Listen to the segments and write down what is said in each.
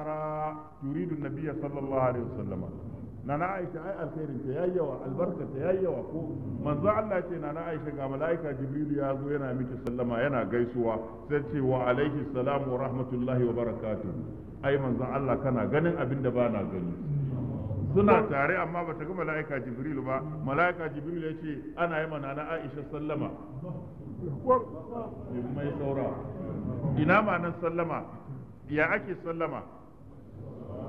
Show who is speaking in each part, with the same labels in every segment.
Speaker 1: ara yuridu nabiyya sallallahu alaihi wasallam nana aisha ai alkhairin ta yayyawa albarka ta yayyawa ko manzo Allah ce nana aisha ga malaika jibril ya zo yana miki sallama yana gaisuwa sai ce wa alaihi salamu wa rahmatullahi wa barakatuh ai manzo Allah kana ganin abinda ba na gani suna tare amma bata ga malaika jibril ba malaika jibril ya ce ana yi mana nana aisha sallama mai saura ina ma nan sallama ya ake sallama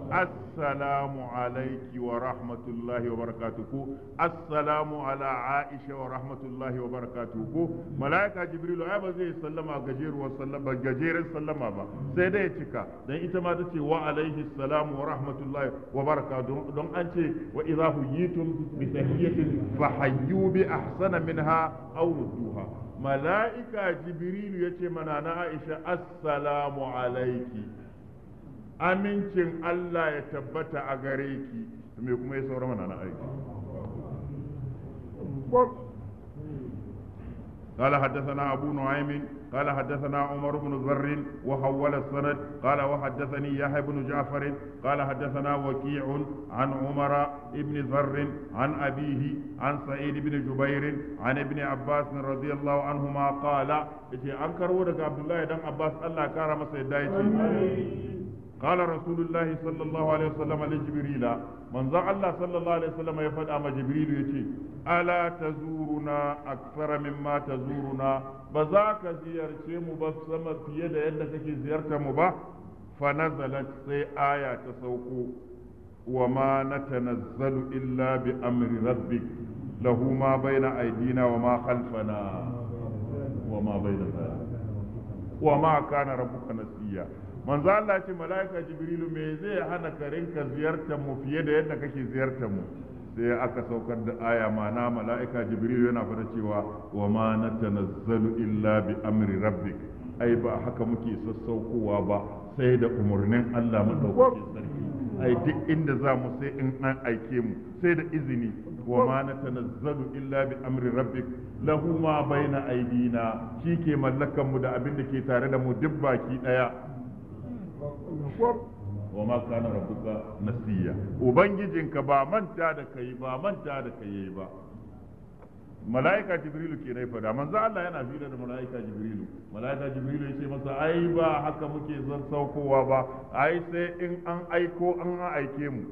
Speaker 1: assalamu alaiki wa rahmatullahi wa barakatuhu assalamu ala aisha wa rahmatullahi wa barakatuhu malaika jibrilu ai ba zai sallama gajeruwar sallama gajeren sallama ba sai dai ya cika dan ita ma tace wa alaihi salamu wa rahmatullahi wa barakatuhu don an ce wa idza huyitum bi tahiyatin fa hayyu bi ahsana minha aw rudduha mala'ika jibrilu yace mana na aisha assalamu alaiki amincin Allah ya tabbata a gare ki me kuma ya saura mana na aiki قال حدثنا أبو نعيم قال حدثنا عمر بن زر وحول السند قال وحدثني يحيى بن جعفر قال حدثنا وكيع عن عمر بن زر عن أبيه عن سعيد بن جبير عن ابن عباس رضي الله عنهما قال إذا أنكر ودك عبد الله دم عباس الله كرم سيدايتي قال رسول الله صلى الله عليه وسلم لجبريل من ذا الله صلى الله عليه وسلم يفد أما جبريل يتي ألا تزورنا أكثر مما تزورنا بذاك زيارتي مبسمة في يد يدك زيارة مبا فنزلت سي آية تسوقو وما نتنزل إلا بأمر ربك له ما بين أيدينا وما خلفنا وما بين ذلك وما كان ربك نسيا manzo Allah ce mala'ika jibrilu me zai hana ka ziyartar mu fiye da yadda kake ziyartar mu sai aka saukar da aya mana mala'ika jibrilu yana fada cewa wa ma natanazzalu illa bi amri rabbik ai ba haka muke sassaukowa ba sai da umarnin Allah madaukakin sarki ai duk inda za mu sai in an aike mu sai da izini wa ma natanazzalu illa bi amri rabbik lahu ma baina aidina shike mallakan mu da abin da ke tare da mu duk baki daya wa ma kana rabbuka nasiya ubangijinka ba manta da kai ba manta da kai ba mala'ika jibrilu ke nai fada manzo Allah yana fira da mala'ika jibrilu mala'ika jibrilu yace masa ai ba haka muke zan saukowa ba ai sai in an aiko an aike mu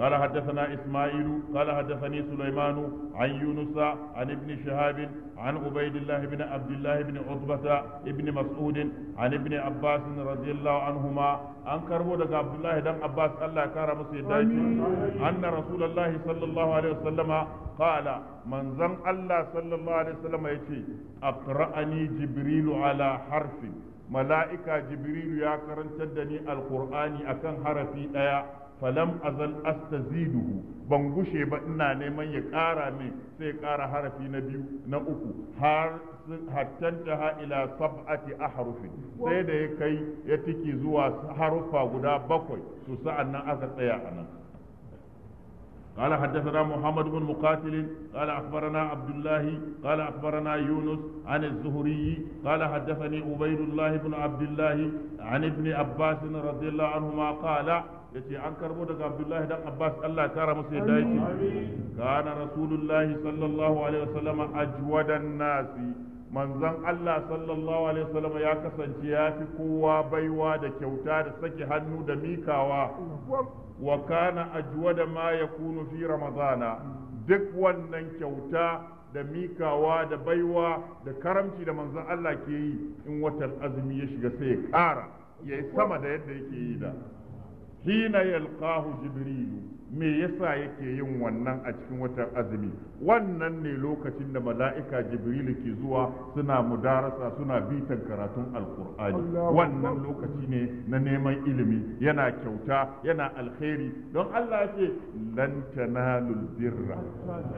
Speaker 1: قال حدثنا إسماعيل قال حدثني سليمان عن يونس عن ابن شهاب عن عبيد الله بن عبد الله بن عتبة ابن مسعود عن ابن عباس رضي الله عنهما عن كربو عبد الله بن عباس الله كرم أن رسول الله صلى الله عليه وسلم قال من زم الله صلى الله عليه وسلم يتي أقرأني جبريل على حرف ملائكة جبريل يا كرن تدني القرآن أكن حرفي أيا falam azal astaziduhu ban gushe ba ina neman ya ƙara min sai ƙara harafi na biyu na uku har hattanta ha ila sab'ati ahrufin sai da ya kai ya tiki zuwa harufa guda bakwai to sa'an nan aka tsaya a nan قال حدثنا محمد بن مقاتل قال أخبرنا عبد الله قال أخبرنا يونس عن الزهري قال حدثني عبيد الله بن عبد الله عن ابن عباس رضي الله عنهما قال yace an karbo daga Abdullahi dan Abbas Allah ya kara musu ya yake kana rasulullahi sallallahu alaihi wasallam ajwadan nasi manzon Allah sallallahu alaihi wasallam ya kasance ya fi kowa baiwa da kyauta da sake hannu da mikawa wa kana ajwada ma yakunu fi ramadana duk wannan kyauta da mikawa da baiwa da karamci da manzon Allah ke yi in watan azumi ya shiga sai ya kara ya sama da yadda yake yi da hina yalqahu jibrilu me yasa yake yin wannan a cikin watan azumi wannan ne lokacin da mala'ika jibrilu ke zuwa suna mudarasa suna bitan karatun alkur'ani wannan lokaci ne na neman ilimi yana kyauta yana alkhairi don Allah ya ce lan tanalul birra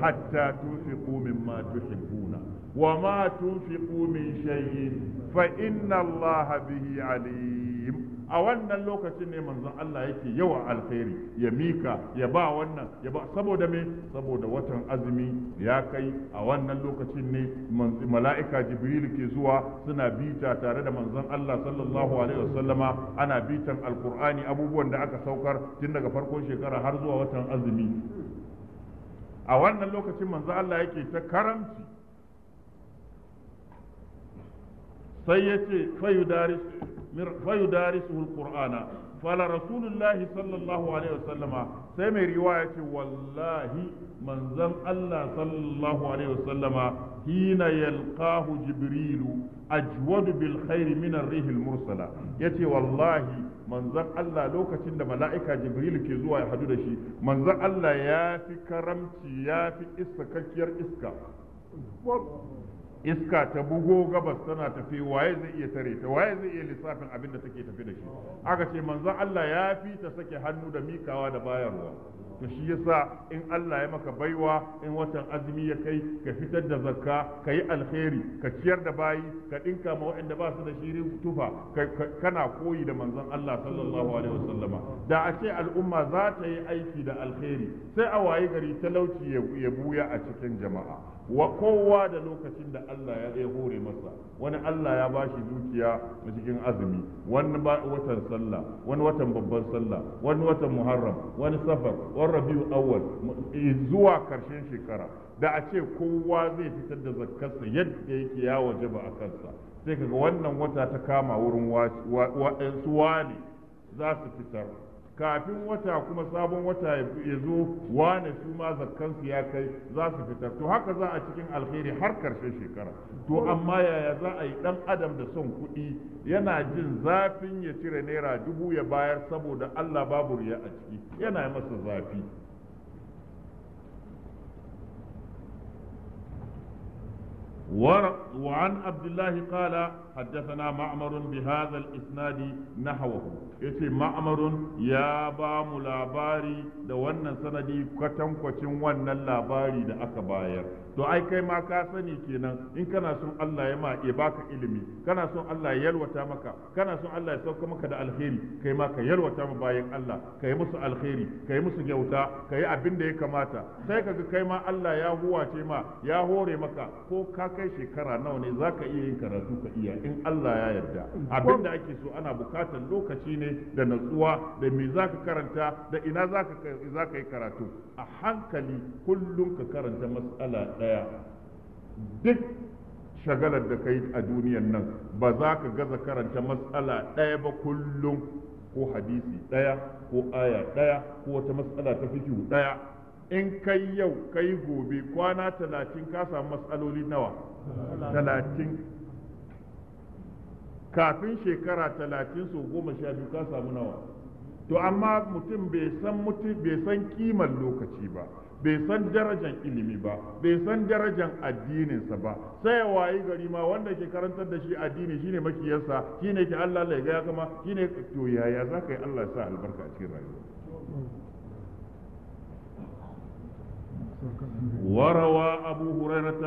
Speaker 1: hatta tunfiqu mimma tuhibbuna wa ma tunfiqu min shay'in fa inna Allah bihi alim a wannan lokacin ne manzon Allah yake yawa alkhairi ya mika ya ba wannan ya ba saboda me saboda watan azumi ya kai a wannan lokacin ne mala'ika jibril ke zuwa suna bita tare da manzon Allah sallallahu alaihi wasallama ana bitan alkur'ani abubuwan da aka saukar tun daga farkon shekara har zuwa watan azumi a wannan lokacin manzon Allah yake ta karamci sai ya ce fayu فيدارسه القرآن فعلى رسول الله صلى الله عليه وسلم سمع رواية والله من زم الله صلى الله عليه وسلم حين يلقاه جبريل أجود بالخير من الريح المرسلة يتي والله manzan Allah lokacin da mala'ika Jibril ke zuwa ya hadu da shi manzan Allah ya fi karamci ya fi iska kakkiyar iska iska ta bugo gabas tana tafi waye zai iya tare ta waye zai iya lissafin abin da take tafi da shi aka ce manzon Allah ya fi ta sake hannu da mikawa da bayarwa to shi yasa in Allah ya maka baiwa in watan azumi ya kai ka fitar da zakka ka yi alheri ka ciyar da bayi ka dinka ma waɗanda ba su da shirin tufa kana koyi da manzon Allah sallallahu alaihi wasallama da a ce al'umma za ta yi aiki da alheri sai a waye gari talauci ya buya a cikin jama'a wa kowa da lokacin da Allah ya hore masa wani Allah ya bashi shi dukiya na cikin azumi wani watan sallah wani watan babban sallah wani watan muharram wani safar wani rabiu awwal zuwa karshen shekara da a ce kowa zai fitar da zakkarsa yadda yake ya wajaba a kansa sai kaga wannan wata ta kama wurin su wani za su fitar kafin wata kuma sabon wata ya zo wane su ma zakkansu ya kai za su fitar to haka za a cikin alheri har karshen shekara to amma yaya za a yi dan adam da son kuɗi yana jin zafin ya cire naira dubu ya bayar saboda allah babu riya a ciki yana masa zafi وعن عبد الله قال حدثنا معمر بهذا na نحوه yace ma'amarun ya ba mu labari da wannan sanadi kwatankwacin wannan labari da aka bayar to ai kai ma ka sani kenan in kana son Allah ya ma ya baka ilimi kana son Allah ya yalwata maka kana son Allah ya sauka maka da alheri kai ma ka yalwata ma bayan Allah kai musu alheri kai musu kyauta kai abin da ya kamata sai kaga kai ma Allah ya huwace ma ya hore maka ko ka kai shekara nawa ne zaka iya yin karatu ka iya in Allah ya yarda abin da ake so ana bukatar lokaci ne da natsuwa da me zaka karanta da ina zaka zaka yi karatu a hankali kullum ka karanta mas'ala ɗaya ɗaya duk shagalar da kai a duniyan nan ba za ka gaza karanta matsala ɗaya ba kullum ko hadisi ɗaya ko aya ɗaya ko wata matsala ta fikihu ɗaya in kai yau kai gobe kwana talatin ka samu matsaloli nawa talatin kafin shekara talatin so goma sha biyu ka samu nawa to amma mutum bai san mutum bai san kimar lokaci ba bai san darajar ilimi ba bai san darajar addininsa ba sai wayi gari ma wanda ke karantar da shi addini shine makiyarsa shine ke Allah Allah ya kama shine to yaya za ka yi Allah sa albarka a cikin rayuwa وروى أبو هريرة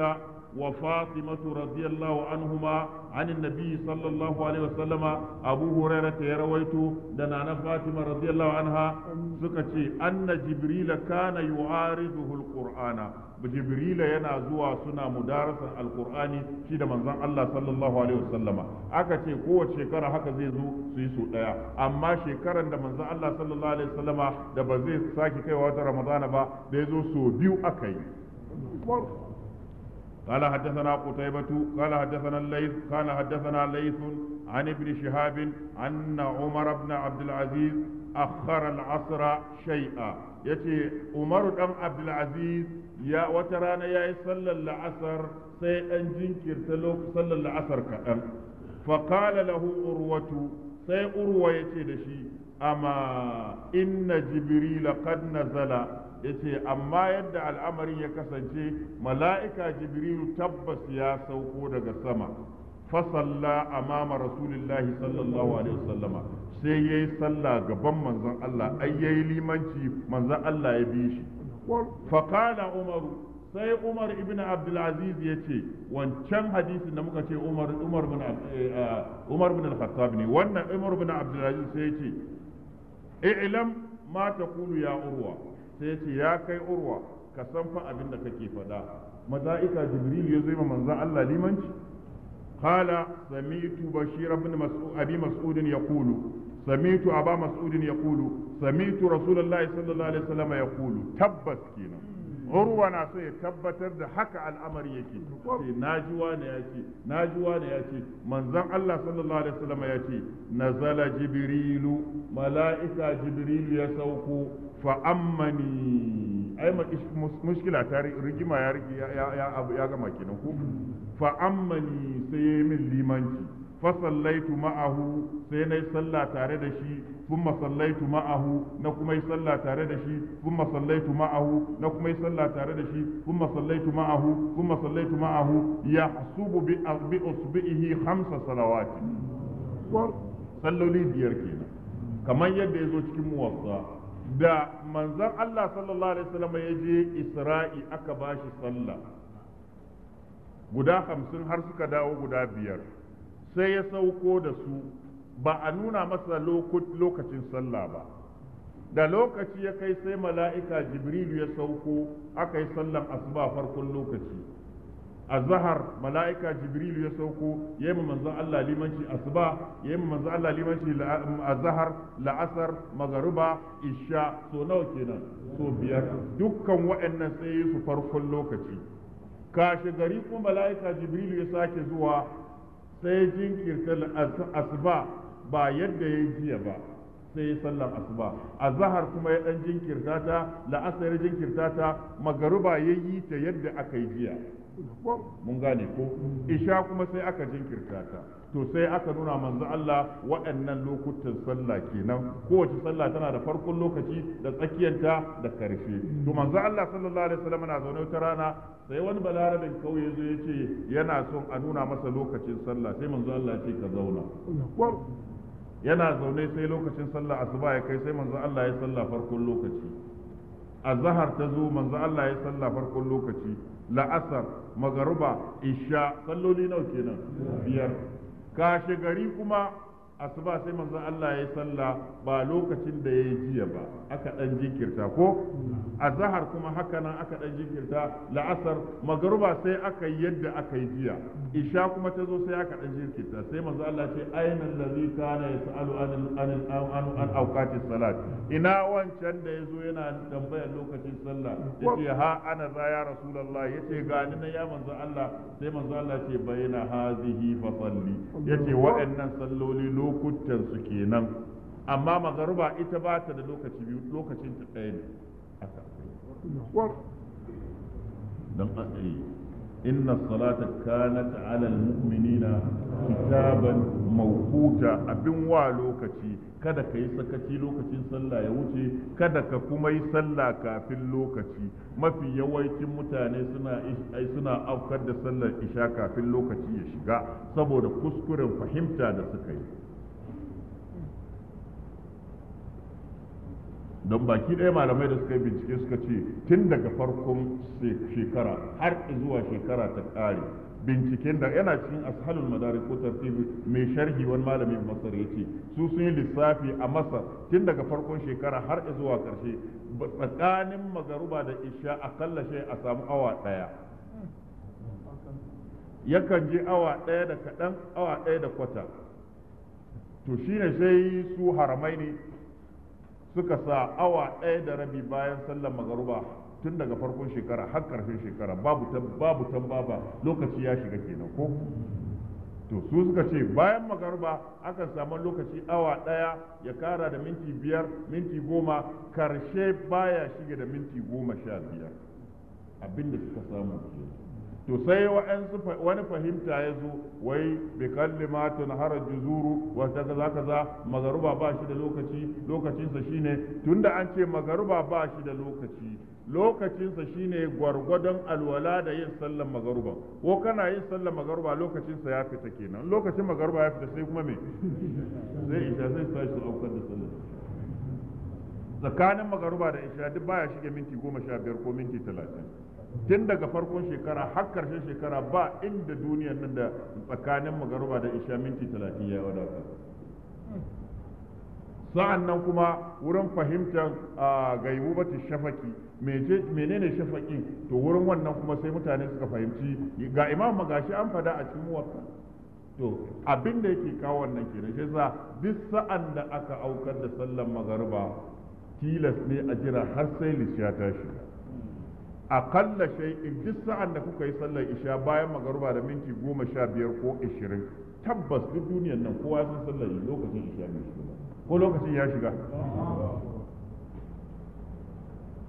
Speaker 1: وفاطمة رضي الله عنهما عن النبي صلى الله عليه وسلم أبو هريرة يرويت دنا فاطمة رضي الله عنها سكتي أن جبريل كان يعارضه القرآن جبريل ينازوا سنا مدارسا القرآن شيد من الله صلى الله عليه وسلم أكتي قوة شكرا هكا زيزو سيسو ديا أما شكرا دا من الله صلى الله عليه وسلم دا بزيز ساكي كي واتر رمضان با زيزو سو بيو أكي قال حدثنا قتيبة قال حدثنا الليث قال حدثنا ليث عن ابن شهاب أن عمر بن عبد العزيز أخر العصر شيئا يتي عمر بن عبد العزيز يا وترانا يا صلى العصر سي أن جنكر تلوك صلى العصر كأن فقال له أروة سي أروة يتي دشي أما إن جبريل قد نزل ya ce amma yadda al'amarin ya kasance mala'ika jibrilu tabbas ya sauko daga sama fasalla a mama rasulillahi sallallahu alaihi wasallama sai ya yi sallah gaban manzon Allah ai ya yi limanci manzon Allah ya bi shi faƙala umaru sai umar ibn abdulaziz ya ce wancan hadisin da muka ce umar bin eh, eh, al-khattab ne wannan umar bin abdulaziz sai ya ce i'lam ma taqulu ya urwa sai ce ya kai urwa ka san fa abin da kake faɗa mala'ika jibril ya zo ma manzon Allah limanci qala sami'tu bashir ibn mas'ud abi mas'ud yaqulu sami'tu aba mas'ud yaqulu sami'tu rasulullahi sallallahu alaihi wasallam yaqulu tabbas kenan urwa na so ya tabbatar da haka al'amari yake sai najuwa ne yake najuwa ne yake manzon Allah sallallahu alaihi wasallam na nazala jibrilu mala'ika jibrilu ya sauko fa ammani ai mushkila ta rigima ya ya ya gama kenan ko fa ammani sai min limanci fasallaitu ma'ahu sai na yi sallah tare da shi kuma sallaitu ma'ahu na kuma yi sallah tare da shi kuma sallaitu ma'ahu na kuma yi sallah tare da shi kuma sallaitu ma'ahu kuma sallaitu ma'ahu ya hasubu bi bi usbihi khamsa salawati salloli biyar kenan kamar yadda ya zo cikin muwassa da manzon Allah sallallahu alaihi wasallam ya je Isra'i aka bashi sallah guda hamsin har suka dawo guda biyar sai ya sauko da su ba a nuna masa lokacin sallah ba da lokaci ya kai sai mala'ika jibrilu ya sauko aka yi sallan asuba farkon lokaci a zahar mala'ika jibrilu ya sauko ya yi manzon Allah limanci asuba ya yi manzon Allah limanci a zahar la'asar magaruba isha so nawa kenan so biyar dukkan waɗannan sai su farkon lokaci kashe gari kuma mala'ika jibrilu ya sake zuwa sai jinkirta asuba ba yadda ya jiya ba sai ya sallar asuba a zahar kuma ya dan jinkirta ta la'asar jinkirta ta magaruba ya yi ta yadda aka yi jiya mun gane ko isha kuma sai aka jinkirta ta to sai aka nuna manzo Allah waɗannan lokutan sallah kenan kowace sallah tana da farkon lokaci da tsakiyanta da karfe to manzo Allah sallallahu alaihi wasallam na zaune wata rana sai wani balarabin kauye zo ya ce yana son a nuna masa lokacin sallah sai manzo Allah ya ce ka zauna yana zaune sai lokacin sallah asuba ya kai sai manzo Allah ya sallah farkon lokaci azhar ta zo manzo Allah ya sallah farkon lokaci la'asar magaruba isha salloli nawa kenan biyar kashe gari kuma asuba sai manzo Allah ya salla ba lokacin da ya yi jiya ba aka dan jinkirta ko Zahar kuma haka nan aka dan jinkirta la'asar magruba sai aka yi yadda aka yi jiya isha kuma ta zo sai aka dan jinkirta sai manzo Allah ce aina allazi kana yasalu an an an an awqati salat ina wancan da yazo yana tambayar lokacin sallah yace ha ana za ya rasulullah yace ga ni na ya manzo Allah sai manzo Allah ce bayna hazihi fa salli yace wa'annan salloli lokutan su kenan amma magaruba ita ba ta da lokaci biyu lokacin ta tsaye ne dan asali eh, inna salata kanat ala almu'minina kitaban mawquta abin wa lokaci kada ka yi sakaci lokacin sallah ya wuce kada ka kuma yi sallah kafin lokaci mafi yawancin mutane suna ai suna aukar da sallar isha kafin lokaci ya shiga saboda kuskuren fahimta da suka yi don baki ɗaya malamai da suka yi bincike suka ce tun daga farkon shekara har zuwa shekara ta ƙare binciken da yana cikin ashalul madari ko tartibi mai sharhi wani malami masar ya ce su sun yi lissafi a masar tun daga farkon shekara har zuwa ƙarshe tsakanin magaruba da isha akalla shi a samu awa ɗaya yakan je awa ɗaya da kaɗan awa ɗaya da kwata to shi ne sai su haramai ne suka sa awa ɗaya da rabi bayan sallar magaruba tun daga farkon shekara har ƙarshen shekara babu babu tambaba lokaci ya shiga kenan ko to su suka ce bayan magaruba akan samu lokaci awa ɗaya ya kara da minti biyar minti goma karshe baya shiga da minti goma sha biyar abinda suka samu kenan to sai wani fahimta ya zo wai bi kallimatun harar juzuru wata kaza kaza magaruba ba shi da lokaci lokacinsa shine tunda an ce magaruba ba shi da lokaci lokacinsa shine gwargwadon alwala da yin sallan magaruba ko kana yin sallan magaruba lokacinsa ya fita kenan lokacin magaruba ya fita sai kuma me sai isha sai sai su aukar da sallan tsakanin magaruba da isha duk baya shige minti goma sha biyar ko minti talatin tun daga farkon shekara har karshen shekara ba inda duniyar nan da tsakanin magaruba da isha minti talatin ya wadata sa'an nan kuma wurin fahimtar gaibubatu shafaki menene shafaki to wurin wannan kuma sai mutane suka fahimci ga imam magashi an fada a cikin wasu. to abin da yake kawo wannan kenan shi yasa duk sa'an da aka aukar da sallan magariba tilas ne a jira har sai lishiya ta shiga shai in duk sa'an da kuka yi sallar isha bayan magaruba da minti goma sha biyar ko ishirin tabbas duk duniyar nan kowa sun sallar sallar lokacin isha bai shiga ko lokacin ya shiga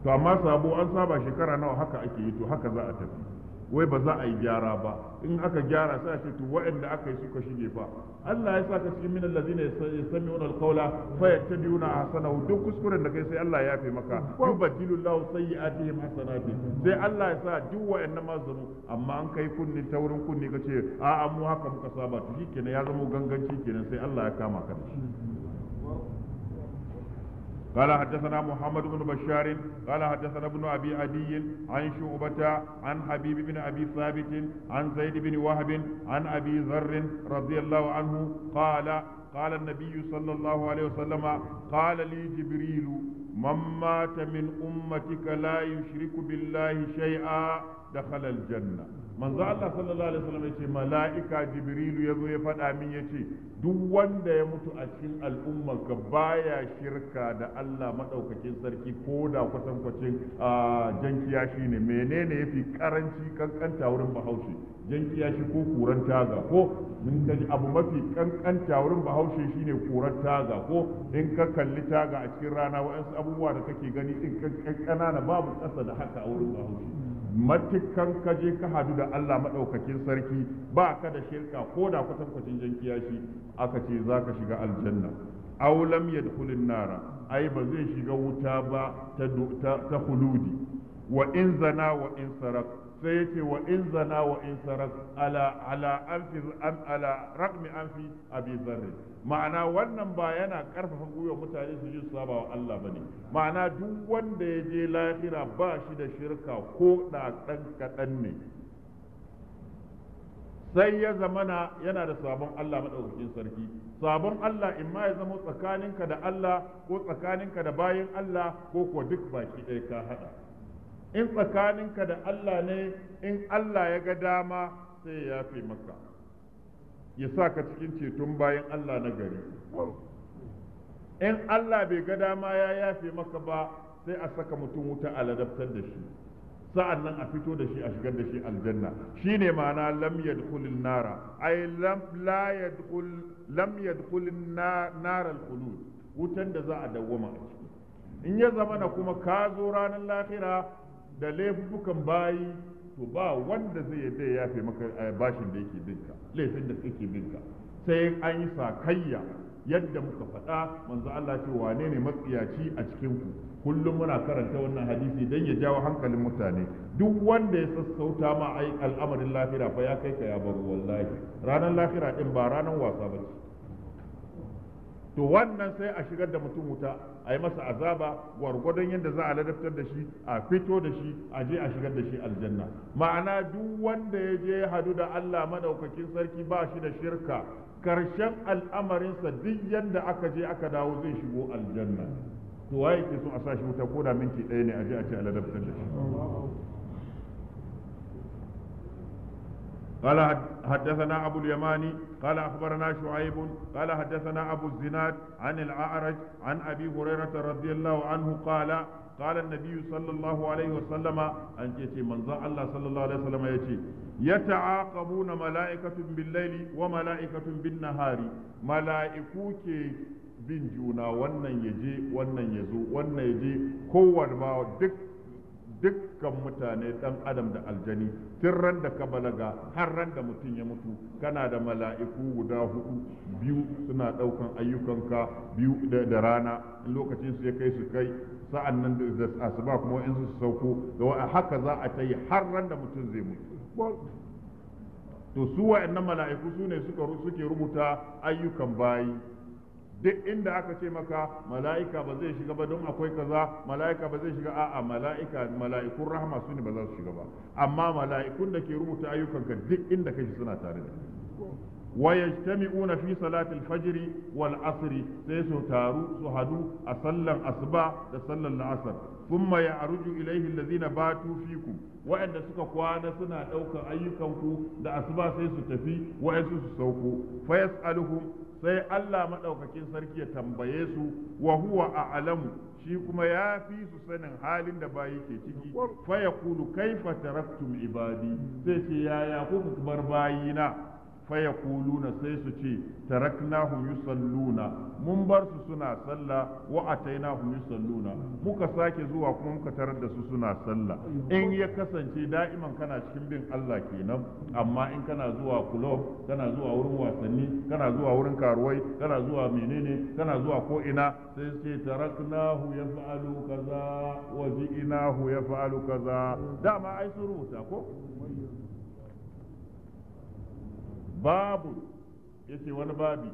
Speaker 1: to amma sabo an saba shekara nawa haka ake yi to haka za a tafi wai ba za a yi gyara ba in aka gyara sai ce to waɗanda aka yi suka shige fa Allah ya saka cikin min sami yastami'una alqawla fa na ahsanahu duk kuskuren da kai sai Allah ya yafe maka yubaddilu Allahu sayyi'atihim hasanati sai Allah ya sa duk waɗannan ma zuru amma an kai kunni ta wurin kunni ce a'a mu haka muka saba to shikenan ya zama ganganci kenan sai Allah ya kama ka da shi قال حدثنا محمد بن بشار قال حدثنا ابن ابي عدي عن شعبة عن حبيب بن ابي ثابت عن زيد بن وهب عن ابي ذر رضي الله عنه قال قال النبي صلى الله عليه وسلم قال لي جبريل من مات من امتك لا يشرك بالله شيئا دخل الجنه manzo Allah sallallahu alaihi wasallam yace mala'ika jibrilu yazo ya faɗa min yace duk wanda ya mutu a cikin al'umma ka baya shirka da Allah madaukakin sarki ko da kwatan kwacin jan kiyashi ne menene yafi karanci kankanta wurin bahaushe jan kiyashi ko kuran taga ko in ta ji abu mafi kankanta wurin bahaushe shine kuran taga ko in ka kalli taga a cikin rana wa'ansu abubuwa da kake gani in kankana babu ƙasa da haka a wurin bahaushe matukan ka je ka hadu da Allah maɗaukakin sarki ba ka da shirka ko da kwatankwacin jan kiyashi aka ce za ka shiga aljanna aw lam yadkhulin nara ai ba zai shiga wuta ba ta ta khuludi wa in zana wa in sarak sai yace wa in zana wa in sarak ala ala anfi ala raqmi anfi abi zarri ma'ana wannan ba yana karfafa gwiwa mutane su ji su saba wa Allah bane ma'ana duk wanda ya je lahira ba shi da shirka ko da dan kadan ne sai ya zamana yana da sabon Allah madaukakin sarki sabon Allah in ma ya zama tsakaninka da Allah ko tsakaninka da bayin Allah ko ko duk baki ɗaya ka hada in tsakaninka da Allah ne in Allah ya ga dama sai ya fi maka ya sa ka cikin ceton bayan Allah na gari in Allah bai ga dama ya yafe maka ba sai a saka mutum wuta a ladabtar da shi sa'an nan a fito da shi a shigar da shi aljanna shine ma'ana lam yadkhul nara ai lam la yadkhul lam wutan da za a dawwama a ciki in ya zama na kuma ka zo ranar lahira da laifukan bayi to ba wanda zai yadda ya yafe maka eh, bashin da yake dinka laifin da kake binka sai an yi sakayya yadda muka faɗa manzo Allah ce wane ne matsiyaci a cikin ku kullum muna karanta wannan hadisi don ya jawo hankalin mutane duk wanda ya sassauta ma ai al'amarin lafira fa ya kai ka ya baro wallahi ranar lafira din ba ranar wasa ba to wannan sai a shigar da mutum wuta a yi masa azaba gwargwadon yadda za a ladaftar da shi a fito da shi a je a shigar da shi aljanna ma'ana duk wanda ya je hadu da Allah madaukakin sarki ba shi da shirka karshen al'amarinsa duk yadda aka je aka dawo zai shigo aljanna to waye ke so a sa shi wuta ko da minti ɗaya ne a je a ce a ladabtar da shi قال حدثنا أبو اليماني قال أخبرنا شعيب قال حدثنا أبو الزناد عن الأعرج عن أبي هريرة رضي الله عنه قال قال النبي صلى الله عليه وسلم أن يتي من الله صلى الله عليه وسلم يتي يتعاقبون ملائكة بالليل وملائكة بالنهار ملائكو كي bin juna wannan ya je wannan ya zo wannan ya je kowane ba duk dukkan mutane dan adam da aljani tun ran da ka balaga har ran da mutum ya mutu kana da mala'iku guda hudu biyu suna daukan ayyukanka biyu da rana lokacin su ya kai su kai sa'an nan da asuba kuma in su sauko da wa haka za a ta har ran da mutum zai mutu to su wa'annan mala'iku su ne suka suke rubuta ayyukan bayi duk inda aka ce maka mala'ika ba zai shiga ba don akwai kaza mala'ika ba zai shiga a'a mala'ika mala'ikun rahama su ne ba za su shiga ba amma mala'ikun da ke rubuta ayyukanka duk inda kake suna tare da wa yajtami'una fi salati al-fajr wal asr sai su taru su hadu a sallan asuba da sallan la'asar thumma aruju ilayhi alladhina batu fikum wa'anda suka kwana suna daukan ayyukanku da asuba sai su tafi wa'ansu su sauko fa yas'aluhum sai Allah maɗaukakin sarki ya tambaye su wa huwa a'lamu shi kuma ya fi su sanin halin da bayi ke ciki fa yaqulu kaifa taraktum ibadi sai ce yaya kuka bar bayina faya kuluna sai su ce taraknahum yusalluna mun bar su suna sallah wa atainahum yusalluna muka sake zuwa kuma muka tarar da su suna sallah in ya kasance da'iman kana cikin bin Allah kenan amma in kana zuwa club kana zuwa wurin wasanni kana zuwa wurin karuwai kana zuwa menene kana zuwa ko ina sai su ce taraknahu yaf'alu kaza wa bi'inahu yaf'alu kaza dama ai su rubuta ko babu ya ce wani babu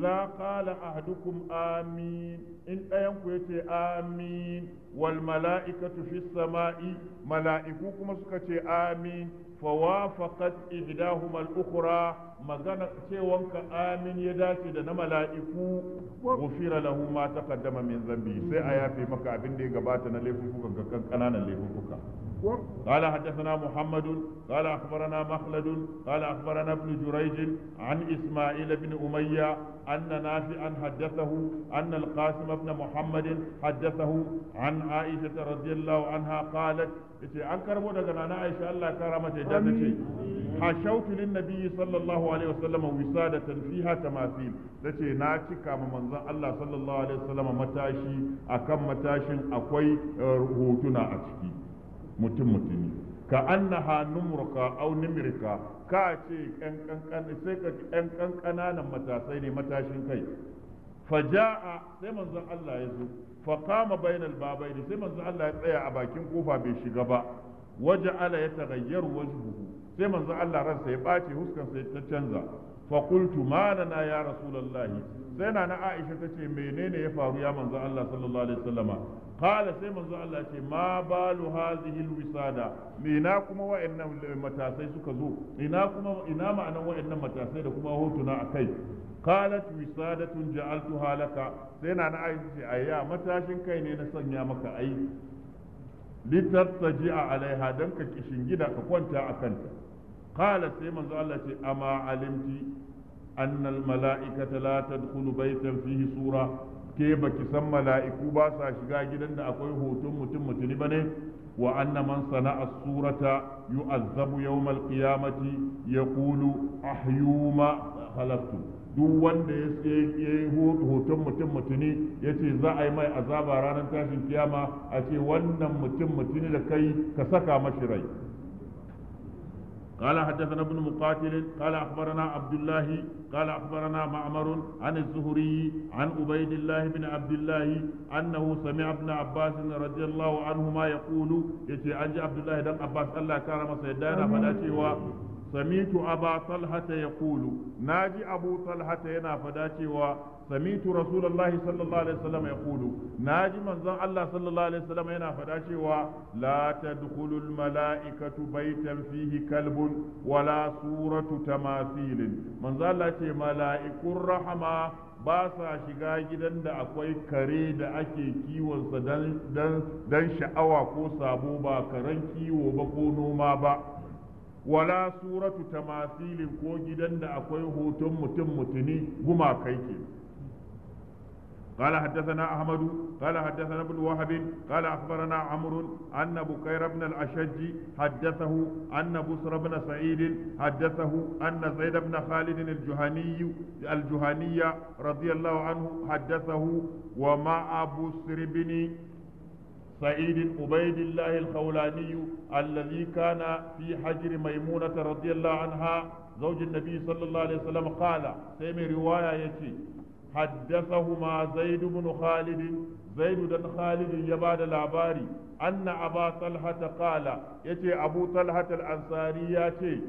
Speaker 1: za a kala ahadukun amin in dayanku ya ce amin walmala'ika su fi sama'i mala'iku kuma suka ce amin fa wa fa katki gida magana ce wanka amin ya dace da na mala'iku wa fira na huma ta kaddama min zambi sai a yafe maka abin da ya gabata na laifuka ga ƙananan laifuka. قال حدثنا محمد قال أخبرنا مخلد قال أخبرنا ابن جريج عن إسماعيل بن أمية أن نافعا حدثه أن القاسم بن محمد حدثه عن عائشة رضي الله عنها قالت أنكر مدغنا أنا عائشة الله كرمت جدتي حشوت للنبي صلى الله عليه وسلم وسادة فيها تماثيل تتي ناكي كما منظر الله صلى الله عليه وسلم متاشي أكم متاشي أكوي هوتنا أتشكي mutum mutumi ka annaha numruka au nimrika ka ce yan kankan sai ka yan kankananan matasai ne matashin kai faja'a sai manzon Allah ya zo fa qama bainal babaini sai manzon Allah ya tsaya a bakin kofa bai shiga ba waje ala ya tagayyaru wajhuhu sai manzon Allah ransa ya ɓace huskan sai ta canza fa qultu ma lana ya rasulullahi sai na na Aisha tace menene ya faru ya manzo Allah sallallahu alaihi wasallama qala sai manzo Allah ce ma balu hadhihi alwisada ina kuma wa'annan matasai suka zo ina kuma ina ma'anan wa'annan matasai da kuma hotuna akai قالت وسادة جعلتها لك سينا أنا عايز أيا matashin kai ne na sanya maka ai litattaji alaiha dan ka kishin gida ka kwanta a kanta qala sai manzo Allah ce amma alimti annal mala'ikata la tadkhulu baytan fihi sura ke baki san mala'iku ba sa shiga gidan da akwai hoton mutum mutuni bane wa anna man sana'a surata yu'azzabu yawmal qiyamati yaqulu ahyuma khalaqtu duk wanda ya yi hoton mutum ya ce za a yi mai azaba ranar tashin kiyama a ce wannan mutum da kai ka saka mashi rai قال حدثنا ابن مقاتل قال أخبرنا عبد الله قال أخبرنا معمر عن الزهري عن عبيد الله بن عبد الله أنه سمع ابن عباس رضي الله عنهما يقول يتي أنجى عبد الله بن عباس الله كرم سيدنا فلا سمعت أبا طلحة يقول ناجي أبو طلحة ينا فدا سميت رسول الله صلى الله عليه وسلم يقول ناجي من زن الله صلى الله عليه وسلم هنا فداشي لا تدخل الملائكة بيتا فيه كلب ولا سورة تماثيل من زن الله ملائك الرحمة باسا sa جدا gidan da akwai kare da ake kiwonsa don sha'awa ko sabo ba karen kiwo ba ko noma wala suratu tamasilin ko gidan da akwai hoton mutum mutuni gumakai ke قال حدثنا أحمد قال حدثنا ابن وهب قال أخبرنا عمرو أن بكير بن الأشج حدثه أن بصر بن سعيد حدثه أن زيد بن خالد الجهني الجهنية رضي الله عنه حدثه ومع بصر بن سعيد عبيد الله الخولاني الذي كان في حجر ميمونة رضي الله عنها زوج النبي صلى الله عليه وسلم قال سيمي رواية يتي حدثهما زيد بن خالد زيد بن خالد يباد لاباري أن أبا طلحة قال يتي أبو طلحة الأنصاري يتي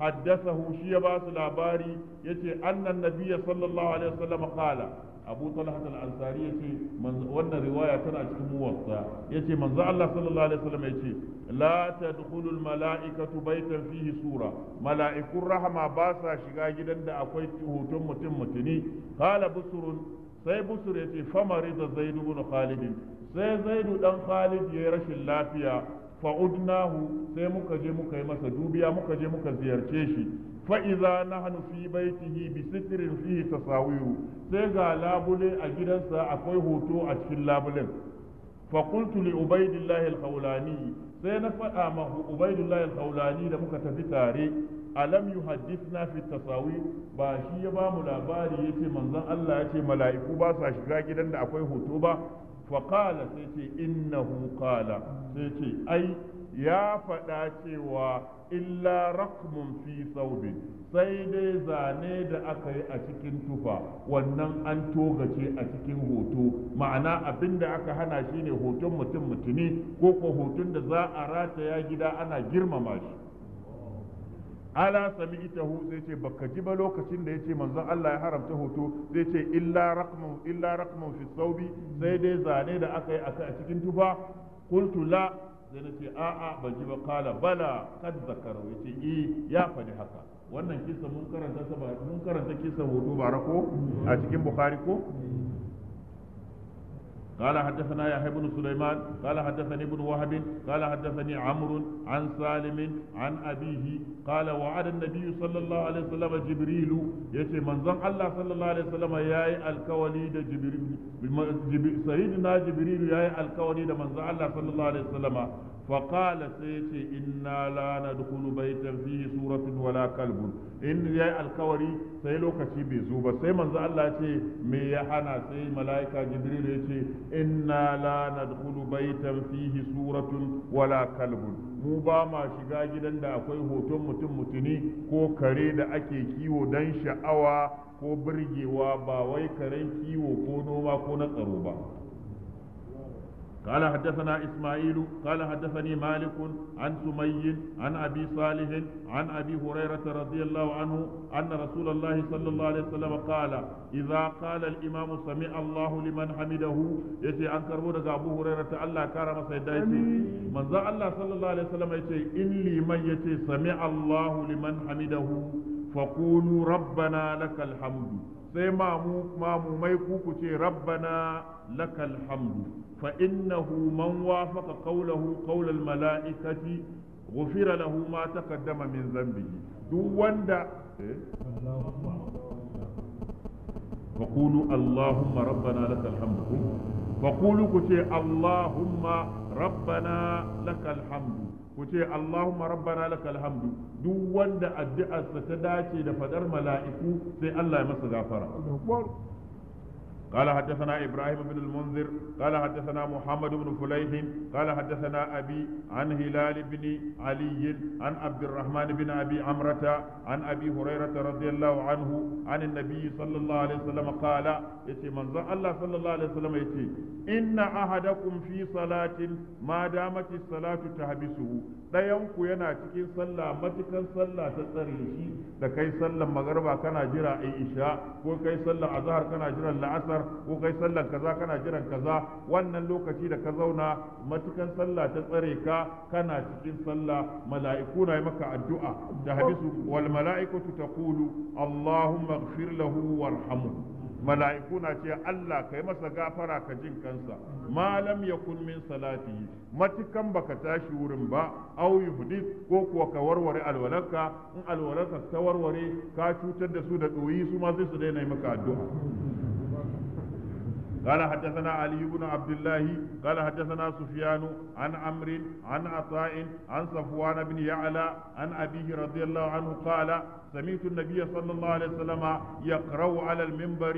Speaker 1: حدثه شيباس لاباري يتي أن النبي صلى الله عليه وسلم قال abu talhat al-ansari yace wannan riwaya tana cikin muwatta yace manzo Allah sallallahu alaihi wasallam yace la tadkhulul mala'ikatu baytan fihi sura mala'ikun rahama ba sa shiga gidan da akwai hoton mutum mutuni qala busrun sai busur yace famari da zaid ibn khalid sai zaid dan khalid yayi rashin lafiya fa'udnahu sai muka je muka yi masa dubiya muka je muka ziyarce shi fa'iza na hannu fi baitihi bi sitirin fihi tasawiru sai ga labule a gidansa akwai hoto a cikin labulen fakultu li ubaidillahi al-khawlani sai na faɗa ma ubaidillahi al-khawlani da muka tafi tare alam na fi tasawi ba shi ya ba mu labari yace manzon Allah yace mala'iku ba sa shiga gidan da akwai hoto ba fa sai ce innahu qala sai ce ai ya faɗa cewa illa rakmun fi saubin sai dai zane da aka yi a cikin tufa wannan an togace a cikin hoto ma'ana abin da aka hana shi ne hoton mutum mutumi ko ko hoton da za a rataya gida ana girmama shi ala sami ita hu zai ce baka ji ba lokacin da ya ce manzon Allah ya haramta hoto zai ce illa rakmun illa rakmun fi saubi sai dai zane da aka yi a cikin tufa qultu la sai na ce a'a ban ji ba kala bala kad zakaru ce i eh, ya faɗi haka wannan kisa mun karanta mun karanta kisa hudu bara ko a cikin bukari ko قال حدثنا يحيى بن سليمان قال حدثني ابن وهب قال حدثني عمرو عن سالم عن أبيه قال وعد النبي صلى الله عليه وسلم جبريل يتي من زن الله صلى الله عليه وسلم ياي الكولي دا جبريل سيدنا جبريل ياي الكولي دا من زن الله صلى الله عليه وسلم فقال سيتي إنا لا ندخل بيتا فيه سورة ولا كلب إن يا الكوري sai lokaci bai zo ba sai manzo Allah ce me ya hana sai mala'ika jibril ya ce inna la nadkhulu baitan fihi suratun wala kalbun mu ba ma shiga gidan da akwai hoton mutum ko kare da ake kiwo don sha'awa ko birgewa ba wai karen kiwo ko noma ko na tsaro ba قال حدثنا إسماعيل قال حدثني مالك عن سمي عن أبي صالح عن أبي هريرة رضي الله عنه أن رسول الله صلى الله عليه وسلم قال إذا قال الإمام سمع الله لمن حمده يتي أن كربونا أبو هريرة الله كرم سيدايتي من ذا الله صلى الله عليه وسلم يتي إن لمن يتي سمع الله لمن حمده فقولوا ربنا لك الحمد sai mamumai ku ku ce rabbana lakal hamdu fa innahu man wafaqa qawlahu qawlal mala'ikati ghufira lahu ma taqaddama min dhanbihi duk wanda فقولوا اللهم ربنا لك الحمد فقولوا كتي اللهم ربنا لك hamdu. ku ce Allahumma rabbana lakal hamdu duk wanda addu'arsa ta dace da fadar mala'iku sai Allah ya masa gafara قال حدثنا إبراهيم بن المنذر قال حدثنا محمد بن فليح قال حدثنا أبي عن هلال بن علي عن عبد الرحمن بن أبي عمرة عن أبي هريرة رضي الله عنه عن النبي صلى الله عليه وسلم قال يتي من الله صلى الله عليه وسلم يتي إن أحدكم في صلاة ما دامت الصلاة تحبسه ɗayanku yana cikin sallah matukan sallah ta tsare shi da kai sallan magarba kana jira isha ko kai sallan azhar kana jiran la'asar ko kai sallar kaza kana jiran kaza wannan lokaci da ka zauna matukan sallah ta tsare ka kana cikin sallah mala'iku na yi maka addu'a da hadisu wal mala'ikatu taqulu allahumma ighfir lahu warhamhu mala'iku na ce Allah kai masa gafara ka jin kansa malam ya min salati matukan baka tashi wurin ba au yuhdith ko kuwa ka warware alwalarka in alwalarka ta warware ka cutar da su da doyi su ma zai su daina maka addu'a قال حدثنا علي بن عبد الله قال حدثنا سفيان عن عمرو عن عطاء ya'ala صفوان بن يعلى عن أبيه رضي الله عنه قال سمعت النبي صلى الله عليه وسلم يقرأ على المنبر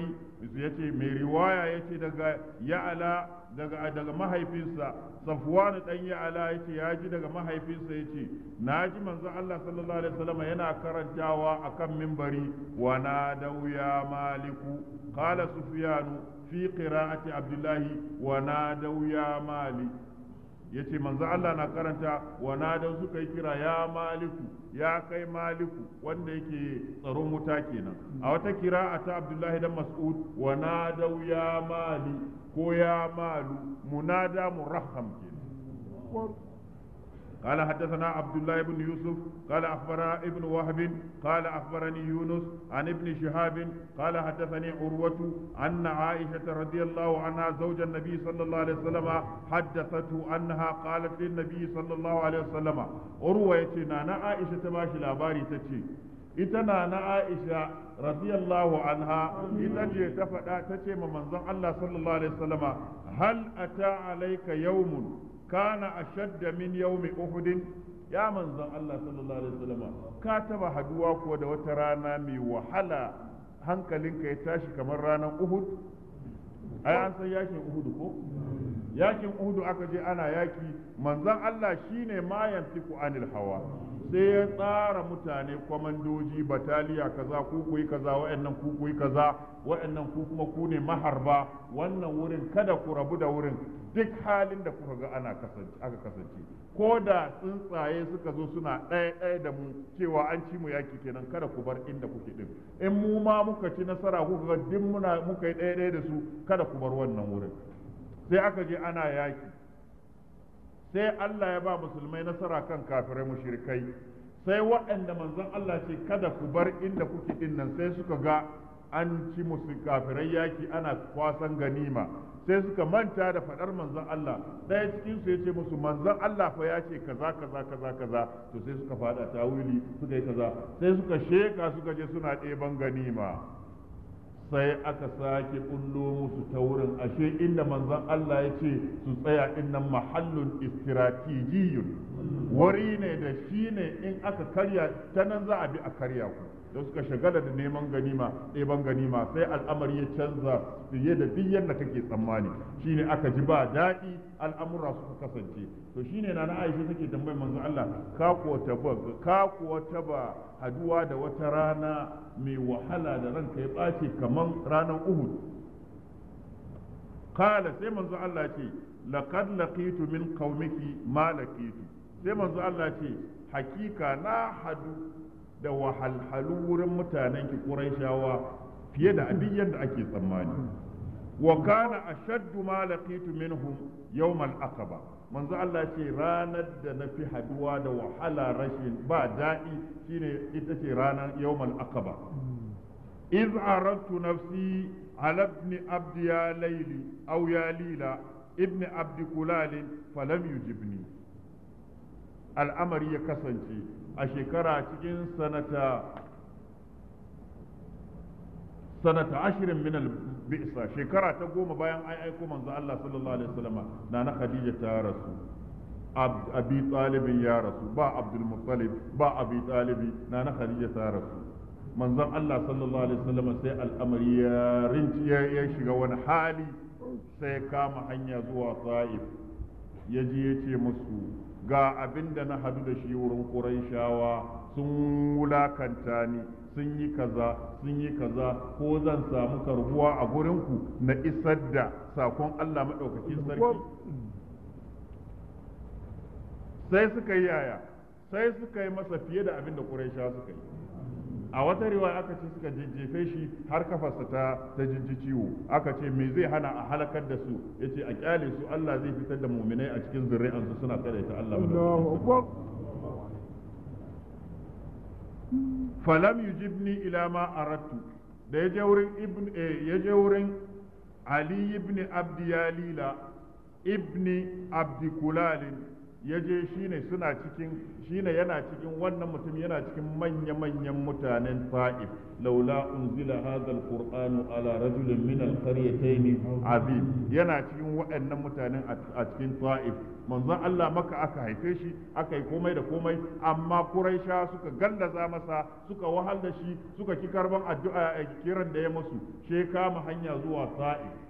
Speaker 1: يأتي من رواية يأتي دقاء يعلى daga daga mahaifinsa safwan dan ya ala yace ya ji daga mahaifinsa yace naji manzo Allah sallallahu alaihi wasallam yana karantawa akan mimbari wa na dawya maliku qala sufyanu fi qira'ati abdullahi wa nadaw ya mali yace manzo Allah na karanta wa nadaw suka yi kira ya maliku ya kai maliku wanda yake tsaron wuta kenan a wata qira'ati abdullahi dan mas'ud wa nadaw ya mali ko ya malu munada murahham kenan قال حدثنا عبد الله بن يوسف قال أخبرنا ابن وهب قال أخبرني يونس عن ابن شهاب قال حدثني عروة أن عائشة رضي الله عنها زوج النبي صلى الله عليه وسلم حدثته أنها قالت للنبي صلى الله عليه وسلم عروة يتنا أنا عائشة تباشي لاباري تتشي إتنا أنا عائشة radiyallahu anha ita ce ta faɗa ta ce ma manzon Allah sallallahu alaihi wasallama hal ata alayka yawmun kana ashadda min yawmi uhudin, ya manzon Allah sallallahu alaihi wasallam ka taba haduwa ko da wata rana mai wahala hankalinka ya tashi kamar ranar uhud ai an san yakin uhud ko yakin uhud aka je ana yaki manzon Allah shine ma yamtiku anil hawa sai ya tsara mutane kwamandoji bataliya kaza ku kuyi kaza wa'annan ku kuyi kaza wa'annan ku kuma ku ne maharba wannan wurin kada ku rabu da wurin duk halin da kuka ga ana kasance aka kasance ko da tsuntsaye suka zo suna ɗaya ɗaya da mu cewa an ci mu yaki kenan kada ku bar inda kuke din in mu ma muka ci nasara kuka ga duk muna muka yi ɗaya ɗaya da su kada ku bar wannan wurin sai aka je ana yaki sai Allah ya ba musulmai nasara kan kafirai mushrikai sai waɗanda manzon Allah ce kada ku bar inda kuke din nan sai suka ga an ci musu kafirai yaki ana kwasan ganima sai suka manta da faɗar manzan Allah ɗaya cikin su ce musu manzon Allah fa ya ce kaza kaza kaza kaza to sai suka fada wuli suka yi kaza sai suka sheka suka je suna ɗeban ganima sai aka sake ƙullo musu ta wurin ashe inda manzon Allah ya ce su tsaya innan mahallun istiratijiyun wuri ne da shi ne in aka karya ta nan za a bi a karya ku da suka shagala da neman ganima ɗeban ganima sai al'amari ya canza fiye da duk yadda kake tsammani shine aka ji ba daɗi al'amura suka kasance to shine na na Aisha take tambayar manzo Allah ka kuwa taba ka kuwa taba haduwa da wata rana mai wahala da ranka ya ɓace kaman ranar Uhud kala sai manzo Allah ce laqad laqitu min qaumiki ma laqitu sai manzo Allah ce hakika na hadu da wahalhalu wurin mutanen ki Qurayshawa fiye da abin yadda ake tsammani wa kana ashaddu ma laqitu minhum yawm al-aqaba manzo Allah ce ranar da na fi haduwa da wahala rashin ba daɗi shine ita ce ranar yawm al-aqaba iz aradtu nafsi ala ibn abdi ya layli aw ya lila ibn abdi kulal falam yujibni al'amari ya kasance a shekara cikin sanata sanata ashirin min al-bi'sa shekara ta goma bayan an ko manzo Allah sallallahu alaihi wasallam na na Khadija ta rasu abi talib ya rasu ba abdul muttalib ba abi talib na na Khadija ta rasu manzon Allah sallallahu alaihi wasallam sai al'amari ya rinci ya shiga wani hali sai kama hanya zuwa Taif ya je ce musu ga abin da na hadu da shi wurin ƙuraishawa sun wulakanta ni sun yi kaza sun yi kaza ko zan samu karbuwa a gurinku na isar da sakon Allah maɗaukakin sarki sai suka yi yaya sai suka yi masa fiye da abin da ƙuraishawa suka yi a wata riwaya aka ce suka jijjefe shi har kafarsa ta ta jijji ciwo aka ce me zai hana a halakar da su yace a kyale su Allah zai fitar da mu'minai a cikin zuri'ansu suna kadaita Allah falam yujibni ila ma aradtu da ya je wurin ibn eh, ya je wurin Ali ibn Abdiyalila ibn Abdikulalin ya je shine suna yana cikin wannan mutum yana cikin manya-manyan mutanen fa'if laula unzila hadha alqur'anu ala rajulin min alqaryatayn azim yana cikin waɗannan mutanen a cikin fa'if manzon Allah maka aka haife shi aka yi komai da komai amma quraisha suka gallaza masa suka wahal da shi suka ki karban addu'a a eh, kiran da ya musu shekama kama hanya zuwa fa'if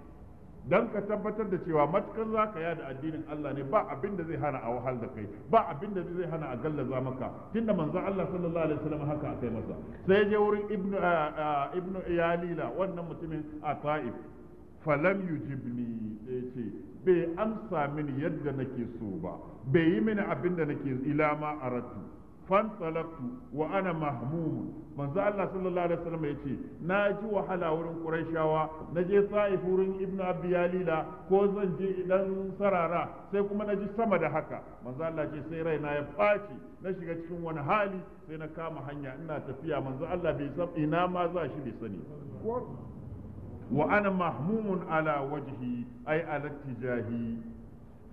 Speaker 1: dan ka tabbatar da cewa matukar za ka yada addinin Allah ne ba abin da zai hana a wahal da kai ba abin da zai hana a gallaza maka tunda manzo Allah sallallahu alaihi wasallam haka akai masa sai ya je wurin ibnu ibnu iyalila wannan mutumin a ta'if falam yujibni sai ce bai amsa mini yadda nake so ba bai yi mini abin da nake ila ma aratu fantalaktu wa ana mahmum manzo Allah sallallahu alaihi wasallam yace na ji wahala wurin Qurayshawa na je Sa'if wurin Ibn Abi Yalila ko zan je idan sarara sai kuma na ji sama da haka manzo Allah ce sai raina ya faci na shiga cikin wani hali sai na kama hanya ina tafiya manzo Allah bai san ina ma za shi bai sani wa ana mahmumun ala wajhi ay ala tijahi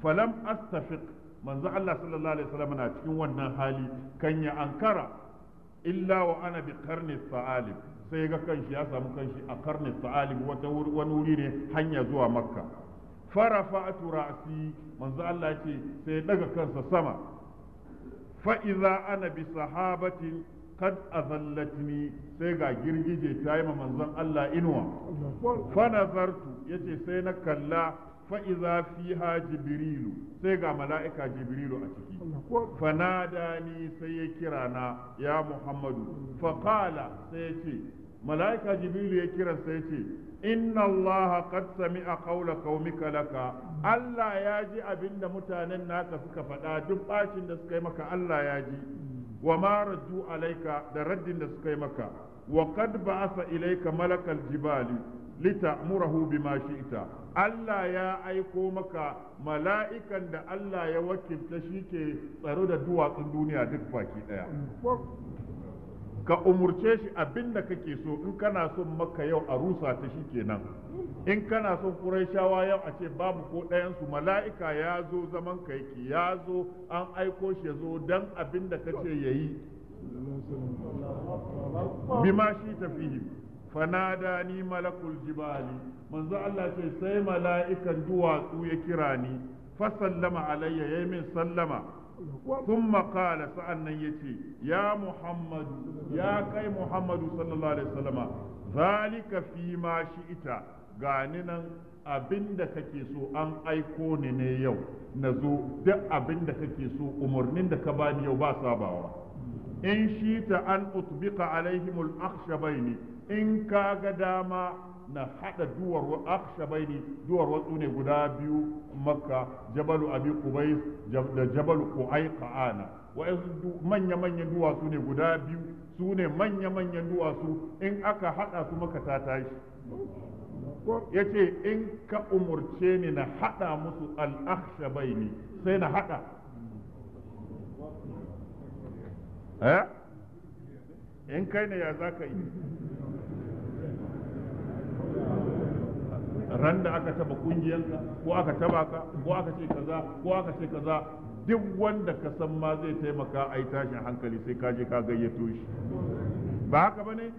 Speaker 1: falam astafiq manzo Allah sallallahu alaihi wasallam na cikin wannan hali kan ya ankara illa wa ana bi qarni sa'alim sai ga kanshi ya samu kanshi a qarni sa'alim wata wani wuri ne hanya zuwa makka farafa'tu ra'si manzo Allah ce sai daga kansa sama fa idza ana bi sahabatin kad azallatni sai ga girgije ta yi manzon Allah inuwa fa nazartu yace sai na kalla fa'iza fiha jibrilu sai ga mala'ika jibrilu a ciki ni sai ya kira na ya muhammadu faƙala sai ya ce mala'ika jibrilu ya kira sai ya ce inna allaha qad sami'a qawla qaumika laka Allah ya ji abinda mutanen naka suka faɗa duk bacin da suka yi maka Allah ya ji wa ma raddu alaika da raddin da suka yi maka wa qad ba'atha ilayka malakal jibali lita'murahu bima shi'ta Allah ya aiko maka mala'ikan da Allah ya wakilta shi ke tsaro da duwatsun duniya duk baki ɗaya. ka umurce shi abinda kake so in kana son maka yau a rusa ta shi kenan in kana son Qurayshawa yau a ce babu ko ɗayansu mala'ika ya zo zaman ka yake ya zo an aiko shi ya zo dan abinda kace yayi bima shi tafihim fanadani ni malakul jibali manzo Allah ce sai mala'ikan duwatsu ya kira ni fa sallama alayya yayi min sallama thumma qala sa'annan yace ya muhammadu ya kai muhammadu sallallahu alaihi wasallama zalika fi ma shi'ita gani nan abinda kake so an aiko ni ne yau na zo duk abinda kake so umarnin da ka bani yau ba sabawa in shi ta an utbika alaihimul akhshabaini in ka ga dama na hada duwar akhshabaini duwar watsu ne guda biyu makka jabalu abi qubais da jabalu qu'aiqana wa manya manyan duwatsu ne guda biyu su ne manya manyan duwatsu in aka hada su maka ta tashi yace in ka umurce ni na hada musu al akhshabaini sai na hada eh in kai ne ya zaka yi Randa aka taba kungiyanka ko aka taba ka ko aka ce kaza ko aka ce kaza duk wanda ka san ma zai taimaka a tashin hankali sai ka je ka gayyato shi ba haka bane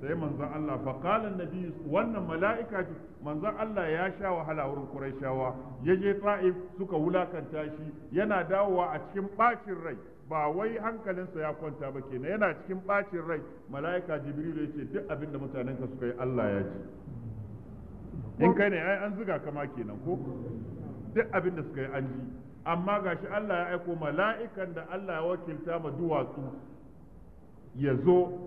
Speaker 1: sai manzon Allah fa qala annabi wannan mala'ika ce manzon Allah ya sha wahala wurin Quraishawa ya je Ta'if suka wulakanta shi yana dawowa a cikin bacin rai ba wai hankalinsa ya kwanta ba kenan yana cikin bacin rai mala'ika Jibril ya ce duk abinda da ka suka yi Allah ya ji in kai ne ai an zuga kama kenan ko duk abin da suka yi an ji amma gashi Allah ya aiko mala'ikan da Allah ya wakilta ma duwatsu ya zo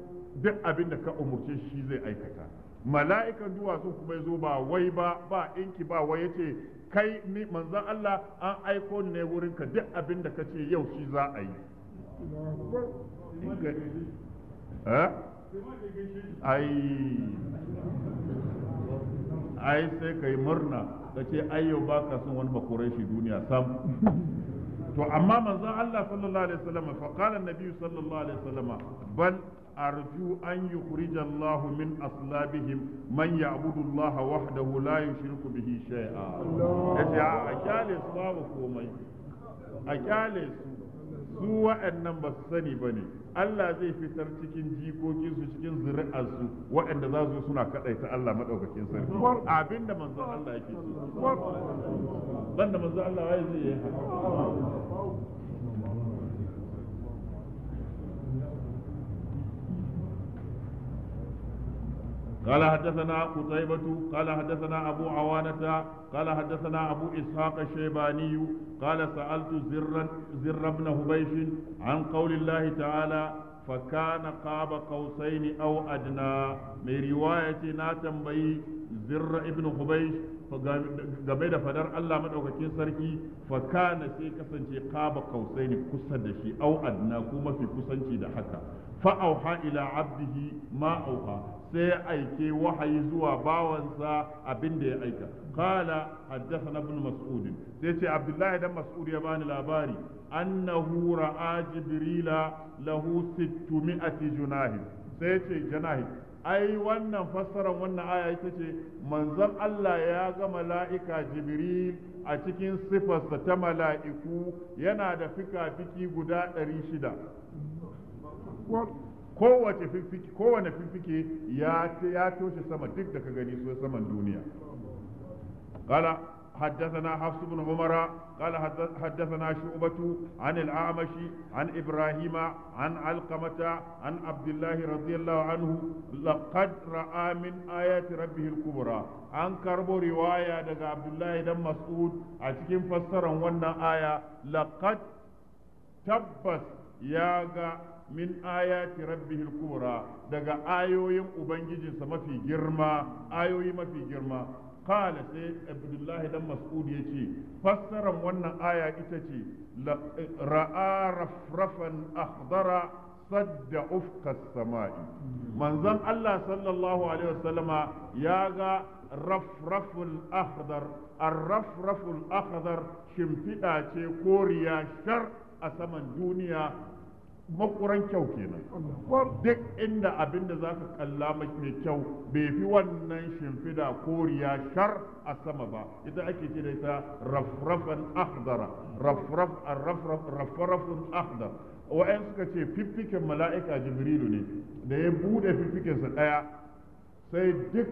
Speaker 1: duk abin da ka umurce shi zai aikata mala'ikan duwatsu kuma ya zo ba wai ba ba inki ba wai yace kai ni manzon Allah an aiko ne wurin ka duk abin da kace yau shi za a yi ai ai sai ka yi murna ka ce ayyau ba ka son wani bakurai shi duniya sam to amma manzon Allah sallallahu alaihi wasallam fa qala an-nabi sallallahu alaihi wasallam bal أرجو أن يخرج الله من أصلابهم من يعبد الله وحده لا يشرك به شيئا. الله. أجعل أجعل أصلابكم أجعل أصلابكم su wa'annan ba su sani ba ne Allah zai fitar cikin jikokinsu cikin zuri'arsu wa'anda za su suna kaɗaita Allah maɗaukakin sarki abin da manzon Allah yake ce Allah wai zai yi قال حدثنا قتيبة قال حدثنا أبو عوانة قال حدثنا أبو إسحاق الشيباني قال سألت زر, زر بن هبيش عن قول الله تعالى فكان قاب قوسين أو أدنى من رواية ناتم بي زر ابن هبيش game da fadar Allah maɗaukakin sarki fa kana sai kasance qaba kausaini kusa da shi au adna ko mafi kusanci da haka fa auha ila abdihi ma auha sai aike wahayi zuwa bawansa abin da ya aika kala na bin mas'udi sai ce abdullahi dan mas'udi ya bani labari annahu ra'a jibrila lahu 600 junahi sai ce junahi ai wannan fassarar wannan aya ita ce manzon Allah ya ga mala'ika jibril a cikin sifarsa ta mala'iku yana da fika-fiki guda shida. kowace fiffike kowane fiffike ya ya toshe sama duk da ka gani so saman duniya qala حدثنا حفص بن عمر قال حدثنا شعبة عن الأعمش عن إبراهيم عن علقمة عن عبد الله رضي الله عنه لقد رأى من آيات ربه الكبرى an karbo riwaya daga Abdullahi dan Mas'ud a cikin fassarar wannan aya laqad tabbas ya ga min ayati rabbihil kubra daga ayoyin ubangijinsa mafi girma ayoyi mafi girma qala sai abdullahi dan mas'ud yace fassaran wannan aya ita ce ra'a rafrafan akhdara sadda ufka samai manzon Allah sallallahu alaihi wasallama ya ga rafraful akhdar arrafraful akhdar shimfiɗa ce koriya shar a saman duniya makuran kyau kenan duk inda abin da za ka kalla mai kyau bai fi wannan shimfida koriya shar a sama ba ita ake ce da ita rafrafan ahdara rafraf ahdar wa'en suka ce fifikin mala'ika jibrilu ne da ya bude fifikinsa daya sai duk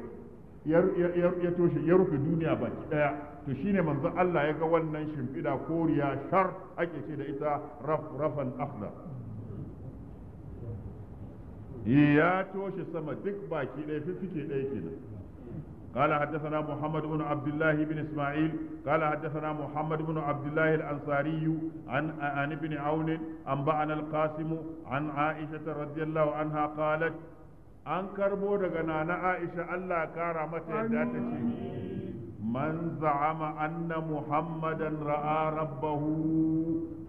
Speaker 1: ya toshe ya rufe duniya baki daya to shine manzo Allah ya ga wannan shimfida koriya shar ake ce da ita rafrafan ahdar ya toshe sama duk baki ɗaya fiffike ɗaya kenan قال حدثنا محمد بن عبد الله بن اسماعيل قال حدثنا محمد بن عبد الله الانصاري عن عن ابن عون انبانا القاسم عن عائشه رضي الله عنها قالت an karbo daga nana aisha Allah kara mata yadda ta ce man za'ama anna muhammadan ra'a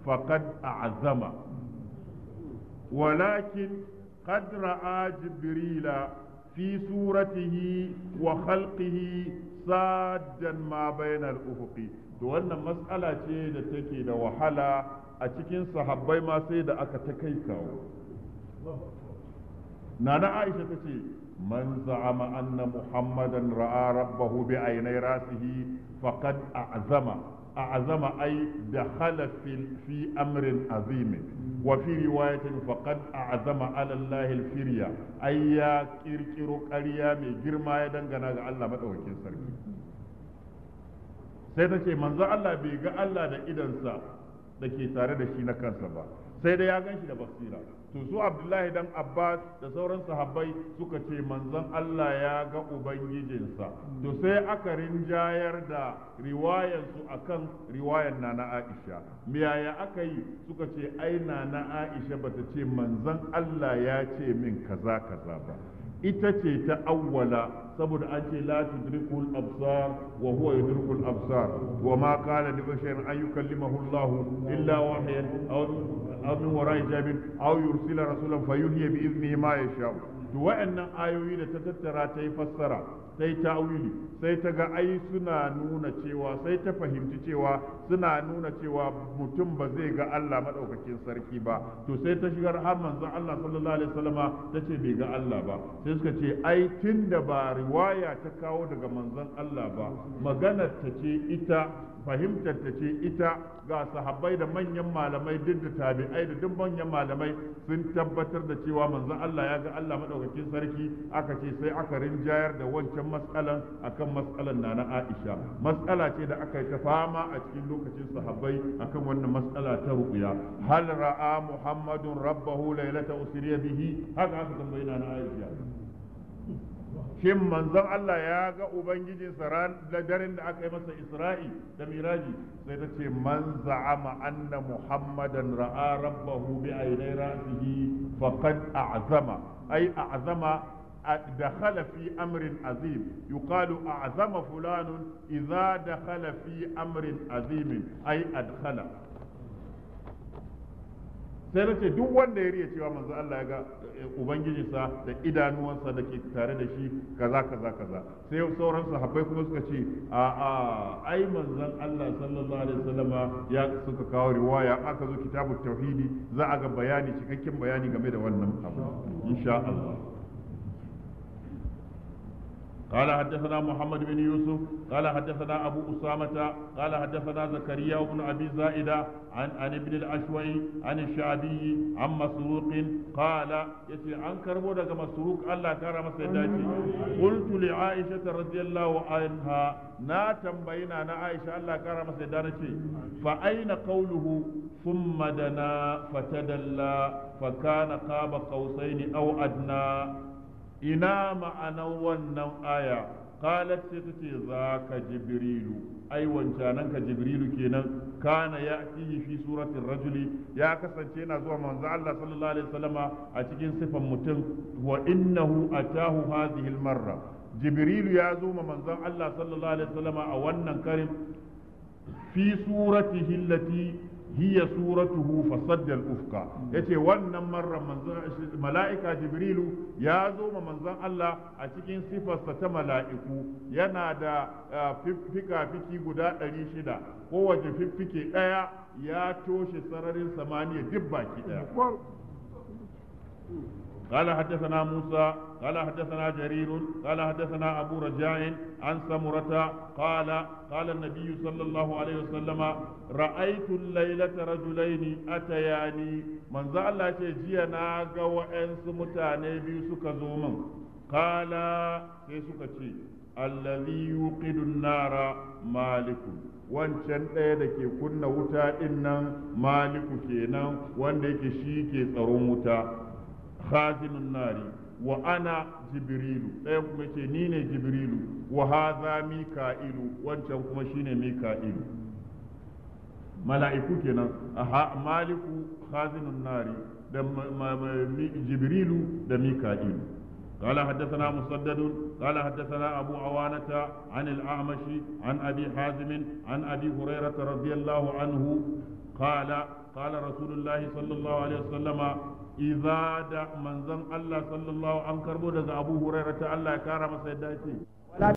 Speaker 1: a'zama walakin قد Jibrila جبريل في صورته وخلقه صادا ما بين الأفق wannan matsala ce da take da wahala a cikin sahabbai ma sai da aka ta kai kawo nana aisha ta ce man za'ama anna muhammadan ra'a rabbahu bi ainai rasihi faqad a'zama أعظم أي دخل في, في أمر عظيم وفي رواية فقد أعظم على الله الفرية أي يا كيركيرو قرية من جرما يدنغنا الله مدعوكين سرقين sai ta ce manzo Allah bai ga Allah da idansa da ke tare da shi na kansa ba sai dai ya gan shi da basira to su abdullahi dan abbas da sauran sahabbai suka ce manzon allah ya ga ubangijinsa to sai aka rinjayar da su akan riwayan nana aisha me yaya aka yi suka ce ai nana aisha bata ce manzon allah ya ce min kaza kaza ba ita ce ta awwala saboda an ce la tudrikul absar wa huwa yudrikul absar wa ma qala li basharin an yukallimahu Allah illa wahyan aw min wara'i jabin aw yursila rasulan fayuhiya bi idnihi ma yasha to wa'annan ayoyi da ta tattara ta yi fassara ta yi sai ta ga ai suna nuna cewa sai ta fahimci cewa suna nuna cewa mutum ba zai ga Allah madaukakin sarki ba to sai ta shigar har manzon Allah sallallahu alaihi wasallama ta ce bai ga Allah ba sai suka ce ai tunda ba riwaya ta kawo daga manzon Allah ba maganar ta ce ita fahimtar ta ce ita ga sahabbai da manyan malamai duk da tabi'ai da duk manyan malamai sun tabbatar da cewa manzon Allah ya ga Allah madaukakin sarki aka ce sai aka rinjayar da wancan matsalan akan matsalan na na Aisha matsala ce da aka yi ta fama a cikin lokacin sahabbai akan wannan matsala ta ruqya hal ra'a muhammadun rabbahu lailata usriya bihi haka aka tambaye na Aisha shin manzon Allah ya ga ubangijinsa da daren da aka yi masa isra'i da miraji sai ta ce man za'ama anna muhammadan ra'a rabbahu bi ainai ra'sihi faqad a'zama ai a'zama دخل في amrin عظيم يقال أعظم فلان إذا دخل في أمر عظيم أي أدخل sai na ce duk wanda ya riya cewa manzo Allah ya ga eh, ubangijinsa da idanuwansa da ke tare da shi kaza kaza kaza sai sauran sahabbai kuma suka ce a a ai manzon Allah sallallahu alaihi wasallama ya suka kawo riwaya aka zo kitabut tauhidi za a ga bayani cikakken bayani game da wannan abu insha Allah قال حدثنا محمد بن يوسف قال حدثنا أبو أسامة قال حدثنا زكريا بن أبي زائدة عن عن ابن الأشوي عن الشعبي عن مسروق قال يتي عن كربودك مسروق الله كرم سيداتي قلت لعائشة رضي الله عنها na tambayi na na Aisha Allah kara masa yadda ce fa aina qawluhu thumma dana fatadalla fa kana qaba qausaini aw adna ina ma'anar wannan aya qalat sai tace zaka jibrilu ai wancanan ka jibrilu kenan kana ya'tihi fi surati rajuli ya kasance yana zuwa manzo Allah sallallahu alaihi wasallama a cikin sifan mutum wa innahu atahu hadhihi almarra jibrilu ya zo ma manzon Allah sallallahu alaihi wasallama a wannan karin fi suratihi allati hiya suratuhu fasaddal ufka yace wannan marra manzon mala'ika jibrilu ya zo ma manzon Allah a cikin sifarsa ta mala'iku yana da fiffika fiki guda 600 kowace fiffike daya ya toshe sararin samaniya duk baki daya قال حدثنا موسى قال حدثنا جرير قال حدثنا أبو رجاء عن سمرة قال قال النبي صلى الله عليه وسلم رأيت الليلة رجلين أتياني من زعل تجينا وأنس متاني بيسك زوما قال كيسك الذي يوقد النار مالك wancan ɗaya da ke kunna wuta ɗin nan maliku kenan wanda yake shi ke tsaron wuta khazinun nari wa'ana ana jibrilu ɗaya kuma ce ni ne jibrilu wa haza mika'ilu wancan kuma shine mika'ilu mala'iku kenan aha maliku khazinun nari da jibrilu da mika'ilu قال حدثنا مسدد قال حدثنا أبو عوانة عن الأعمش عن أبي حازم عن أبي هريرة رضي الله عنه قال قال رسول الله صلى الله عليه وسلم إذا دع من زم الله صلى الله أنكر بودز أبو هريرة الله كرم سيداتي